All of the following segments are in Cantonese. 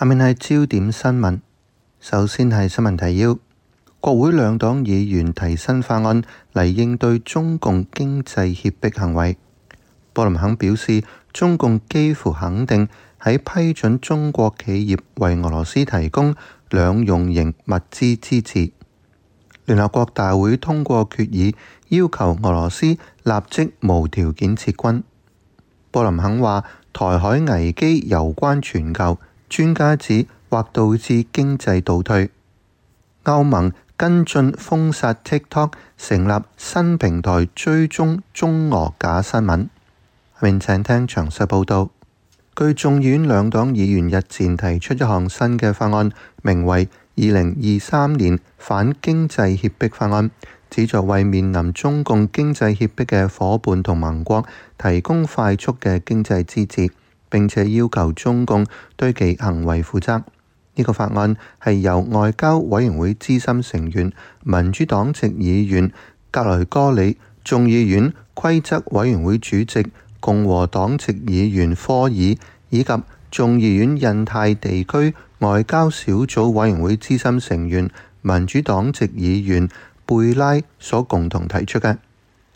下面係焦點新聞。首先係新聞提要：國會兩黨議員提新法案嚟應對中共經濟脅迫行為。布林肯表示，中共幾乎肯定喺批准中國企業為俄羅斯提供兩用型物資支持。聯合國大會通過決議，要求俄羅斯立即無條件撤軍。布林肯話，台海危機攸關全球。專家指或導致經濟倒退。歐盟跟進封殺 TikTok，成立新平台追蹤中俄假新聞。下面請聽詳細報導。據眾院兩黨議員日前提出一項新嘅法案，名為《二零二三年反經濟脅迫法案》，旨在為面臨中共經濟脅迫嘅伙伴同盟國提供快速嘅經濟支持。並且要求中共對其行為負責。呢、這個法案係由外交委員會資深成員、民主黨籍議員格雷戈里、眾議院規則委員會主席、共和黨籍議員科爾，以及眾議院印太地區外交小組委員會資深成員、民主黨籍議員貝拉所共同提出嘅。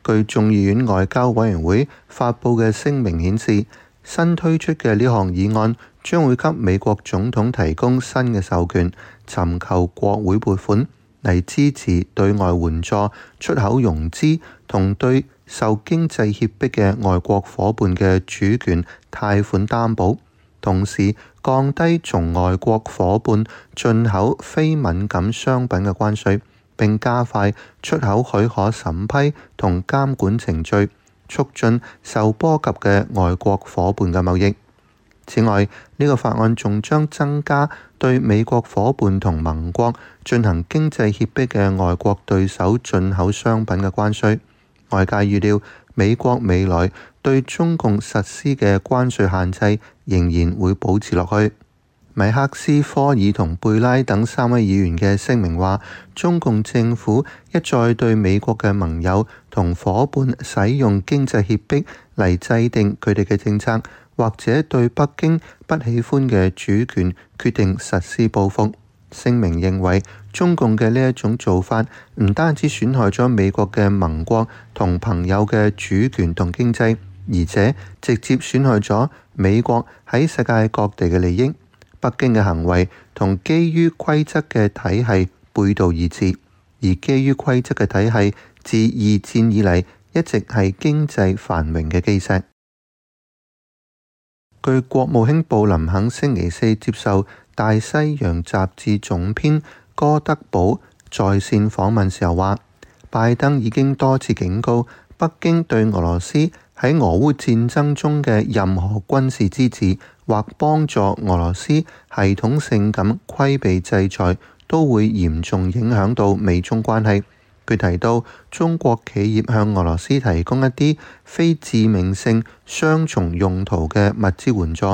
據眾議院外交委員會發布嘅聲明顯示。新推出嘅呢項議案將會給美國總統提供新嘅授權，尋求國會撥款嚟支持對外援助、出口融資同對受經濟脅迫嘅外國伙伴嘅主權貸款擔保，同時降低從外國伙伴進口非敏感商品嘅關稅，並加快出口許可審批同監管程序。促進受波及嘅外國伙伴嘅貿易。此外，呢個法案仲將增加對美國伙伴同盟國進行經濟脅迫嘅外國對手進口商品嘅關稅。外界預料美國未來對中共實施嘅關稅限制仍然會保持落去。米克斯、科爾同貝拉等三位議員嘅聲明話，中共政府一再對美國嘅盟友同伙伴使用經濟脅迫嚟制定佢哋嘅政策，或者對北京不喜歡嘅主權決定實施報復。聲明認為，中共嘅呢一種做法唔單止損害咗美國嘅盟國同朋友嘅主權同經濟，而且直接損害咗美國喺世界各地嘅利益。北京嘅行為同基於規則嘅體系背道而馳，而基於規則嘅體系自二戰以嚟，一直係經濟繁榮嘅基石。據國務卿布林肯星期四接受《大西洋》雜誌總編哥德堡在綫訪問時候話，拜登已經多次警告北京對俄羅斯。喺俄烏戰爭中嘅任何軍事支持或幫助俄羅斯，系統性咁規避制裁，都會嚴重影響到美中關係。佢提到，中國企業向俄羅斯提供一啲非致命性雙重用途嘅物資援助，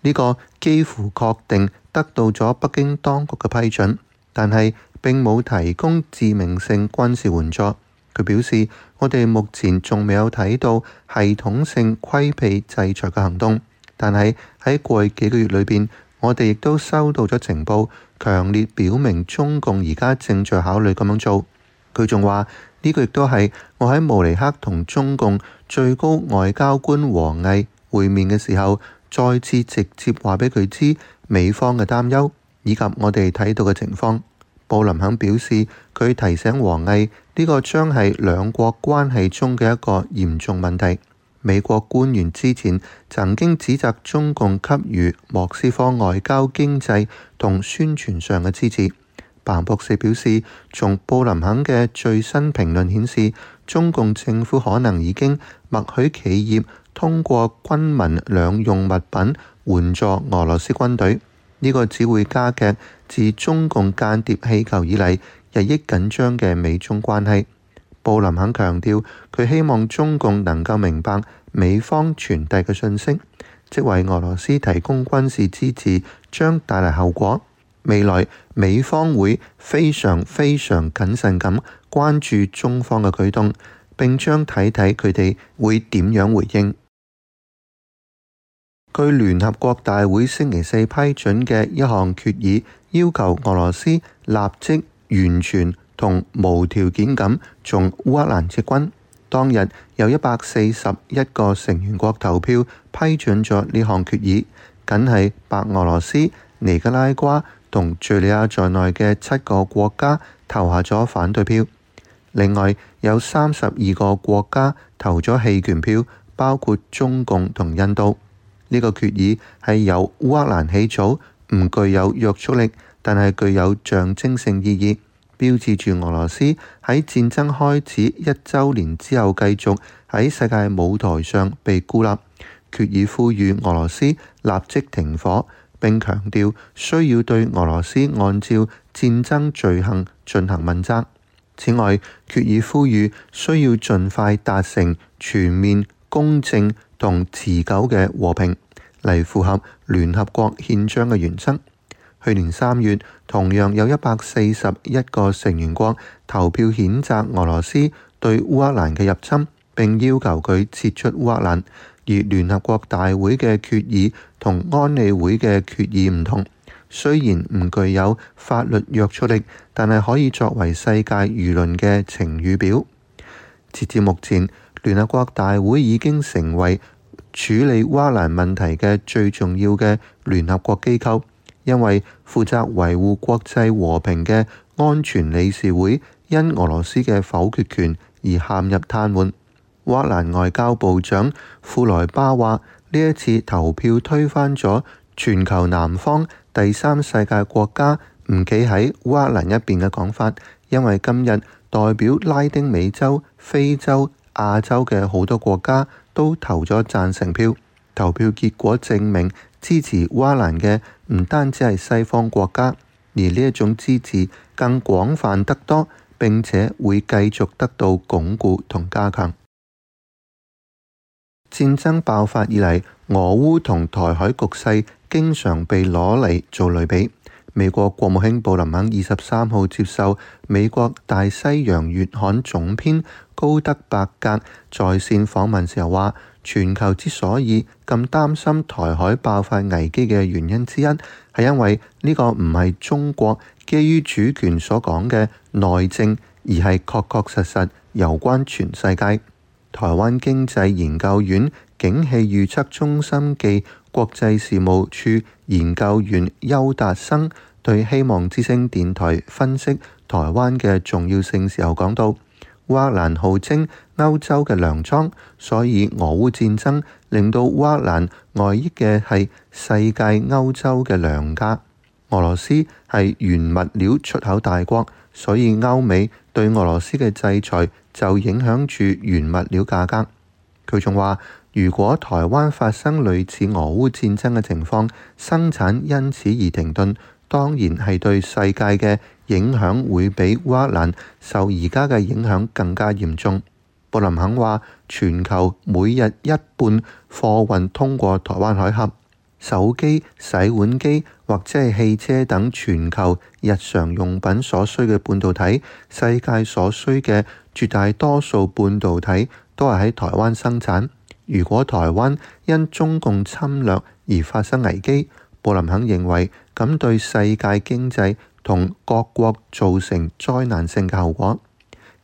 呢個幾乎確定得到咗北京當局嘅批准，但係並冇提供致命性軍事援助。佢表示：我哋目前仲未有睇到系統性規避制裁嘅行動，但係喺過去幾個月裏邊，我哋亦都收到咗情報強烈表明中共而家正在考慮咁樣做。佢仲話，呢個亦都係我喺慕尼克同中共最高外交官王毅會面嘅時候，再次直接話俾佢知美方嘅擔憂以及我哋睇到嘅情況。布林肯表示，佢提醒王毅呢個將係兩國關係中嘅一個嚴重問題。美國官員之前曾經指責中共給予莫斯科外交、經濟同宣傳上嘅支持。彭博社表示，從布林肯嘅最新評論顯示，中共政府可能已經默許企業通過軍民兩用物品援助俄羅斯軍隊。呢個只會加劇自中共間諜氣球以嚟日益緊張嘅美中關係。布林肯強調，佢希望中共能夠明白美方傳遞嘅訊息，即為俄羅斯提供軍事支持，將帶來後果。未來美方會非常非常謹慎咁關注中方嘅舉動，並將睇睇佢哋會點樣回應。據聯合國大會星期四批准嘅一項決議，要求俄羅斯立即完全同無條件咁從烏克蘭撤軍。當日有一百四十一個成員國投票批准咗呢項決議，僅係白俄羅斯、尼加拉瓜同敍利亞在內嘅七個國家投下咗反對票。另外有三十二個國家投咗棄權票，包括中共同印度。呢個決議係由烏克蘭起草，唔具有約束力，但係具有象徵性意義，標誌住俄羅斯喺戰爭開始一週年之後繼續喺世界舞台上被孤立。決議呼籲俄羅斯立即停火，並強調需要對俄羅斯按照戰爭罪行進行問責。此外，決議呼籲需要盡快達成全面、公正同持久嘅和平嚟符合聯合國憲章嘅原則。去年三月，同樣有一百四十一個成員國投票譴責俄羅斯對烏克蘭嘅入侵，並要求佢撤出烏克蘭。而聯合國大會嘅決議同安理會嘅決議唔同，雖然唔具有法律約束力，但係可以作為世界輿論嘅晴雨表。截至目前。聯合國大會已經成為處理烏克蘭問題嘅最重要嘅聯合國機構，因為負責維護國際和平嘅安全理事會因俄羅斯嘅否決權而陷入癱瘓。烏克蘭外交部長庫萊巴話呢一次投票推翻咗全球南方第三世界國家唔企喺烏克蘭一邊嘅講法，因為今日代表拉丁美洲、非洲。亞洲嘅好多國家都投咗贊成票，投票結果證明支持烏克蘭嘅唔單止係西方國家，而呢一種支持更廣泛得多，並且會繼續得到鞏固同加強。戰爭爆發以嚟，俄烏同台海局勢經常被攞嚟做類比。美國國務卿布林肯二十三號接受美國大西洋月刊總編高德伯格在線訪問時候話，全球之所以咁擔心台海爆發危機嘅原因之一，係因為呢個唔係中國基於主權所講嘅內政，而係確確實實有關全世界。台灣經濟研究院景氣預測中心記。國際事務處研究員邱達生對希望之聲電台分析台灣嘅重要性時候講到：烏克蘭號稱歐洲嘅糧倉，所以俄烏戰爭令到烏克蘭外溢嘅係世界歐洲嘅糧價。俄羅斯係原物料出口大國，所以歐美對俄羅斯嘅制裁就影響住原物料價格。佢仲話。如果台灣發生類似俄烏戰爭嘅情況，生產因此而停頓，當然係對世界嘅影響會比烏克蘭受而家嘅影響更加嚴重。布林肯話：全球每日一半貨運通過台灣海峽，手機、洗碗機或者係汽車等全球日常用品所需嘅半導體，世界所需嘅絕大多數半導體都係喺台灣生產。如果台灣因中共侵略而發生危機，布林肯認為咁對世界經濟同各國造成災難性嘅後果。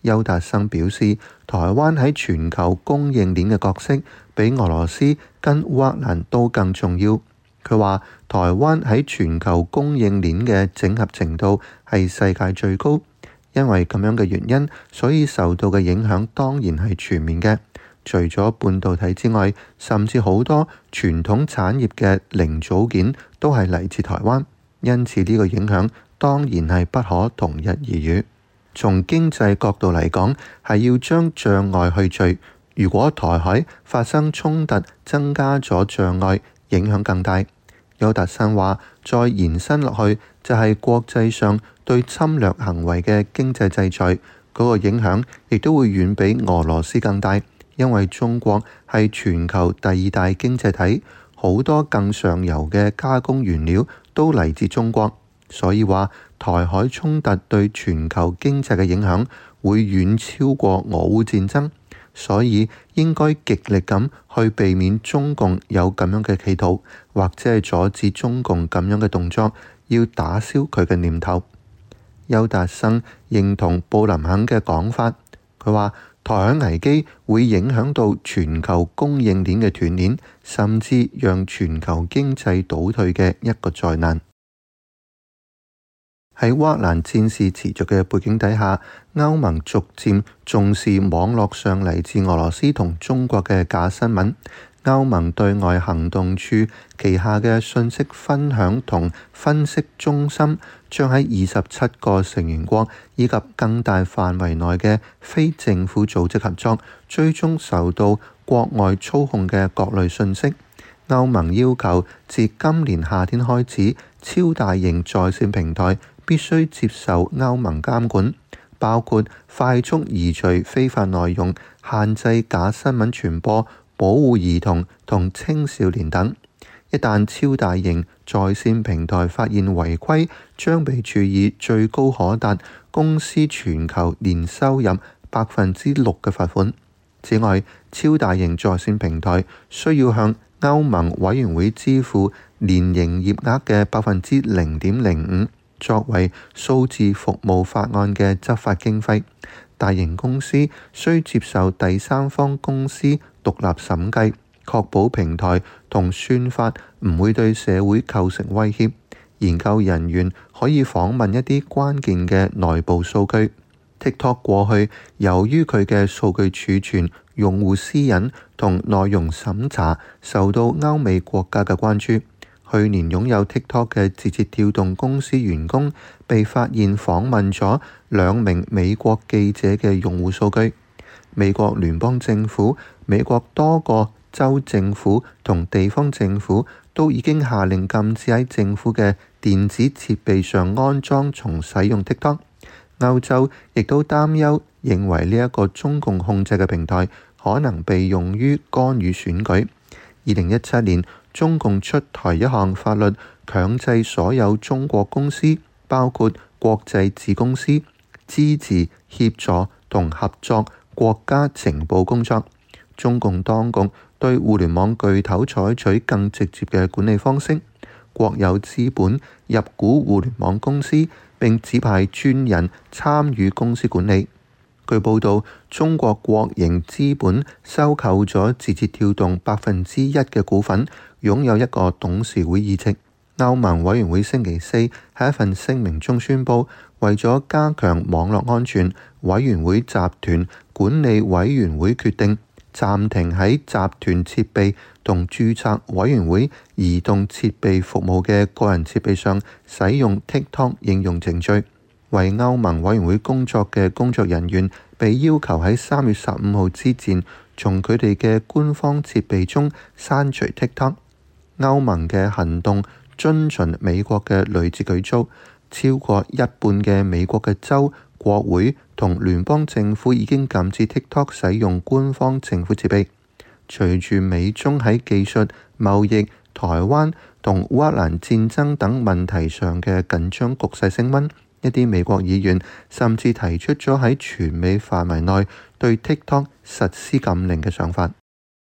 邱達生表示，台灣喺全球供應鏈嘅角色比俄羅斯跟烏克蘭都更重要。佢話：台灣喺全球供應鏈嘅整合程度係世界最高，因為咁樣嘅原因，所以受到嘅影響當然係全面嘅。除咗半導體之外，甚至好多傳統產業嘅零組件都係嚟自台灣，因此呢個影響當然係不可同日而語。從經濟角度嚟講，係要將障礙去除。如果台海發生衝突，增加咗障礙，影響更大。邱達生話：再延伸落去，就係、是、國際上對侵略行為嘅經濟制裁嗰、那個影響，亦都會遠比俄羅斯更大。因為中國係全球第二大經濟體，好多更上游嘅加工原料都嚟自中國，所以話台海衝突對全球經濟嘅影響會遠超過俄烏戰爭，所以應該極力咁去避免中共有咁樣嘅企圖，或者係阻止中共咁樣嘅動作，要打消佢嘅念頭。邱達生認同布林肯嘅講法，佢話。台海危機會影響到全球供應鏈嘅斷鏈，甚至讓全球經濟倒退嘅一個災難。喺烏克蘭戰事持續嘅背景底下，歐盟逐漸重視網絡上嚟自俄羅斯同中國嘅假新聞。歐盟對外行動處旗下嘅信息分享同分析中心將喺二十七個成員國以及更大範圍內嘅非政府組織合作，追蹤受到國外操控嘅各類信息。歐盟要求自今年夏天開始，超大型在線平台必須接受歐盟監管，包括快速移除非法內容、限制假新聞傳播、保護兒童同青少年等，一旦超大型在線平台發現違規，將被處以最高可達公司全球年收入百分之六嘅罰款。此外，超大型在線平台需要向歐盟委員會支付年營業額嘅百分之零點零五，作為數字服務法案嘅執法經費。大型公司需接受第三方公司獨立審計，確保平台同算法唔會對社會構成威脅。研究人員可以訪問一啲關鍵嘅內部數據。TikTok 過去由於佢嘅數據儲存、用戶私隱同內容審查受到歐美國家嘅關注。去年擁有 TikTok 嘅字節跳動公司員工被發現訪問咗兩名美國記者嘅用戶數據。美國聯邦政府、美國多個州政府同地方政府都已經下令禁止喺政府嘅電子設備上安裝從使用 TikTok。歐洲亦都擔憂，認為呢一個中共控制嘅平台可能被用於干預選舉。二零一七年，中共出台一項法律，強制所有中國公司，包括國際子公司，支持、協助同合作。國家情報工作，中共當局對互聯網巨頭採取更直接嘅管理方式。國有資本入股互聯網公司，並指派專人參與公司管理。據報道，中國國營資本收購咗字節跳動百分之一嘅股份，擁有一個董事會議席。歐盟委員會星期四喺一份聲明中宣布，為咗加強網絡安全，委員會集團。管理委員會決定暫停喺集團設備同注冊委員會移動設備服務嘅個人設備上使用 TikTok 應用程序。為歐盟委員會工作嘅工作人員被要求喺三月十五號之前從佢哋嘅官方設備中刪除 TikTok。歐盟嘅行動遵循美國嘅類似舉措，超過一半嘅美國嘅州國會同聯邦政府已經禁止 TikTok 使用官方政府設備。隨住美中喺技術、貿易、台灣同烏克蘭戰爭等問題上嘅緊張局勢升溫，一啲美國議員甚至提出咗喺全美範圍內對 TikTok 實施禁令嘅想法。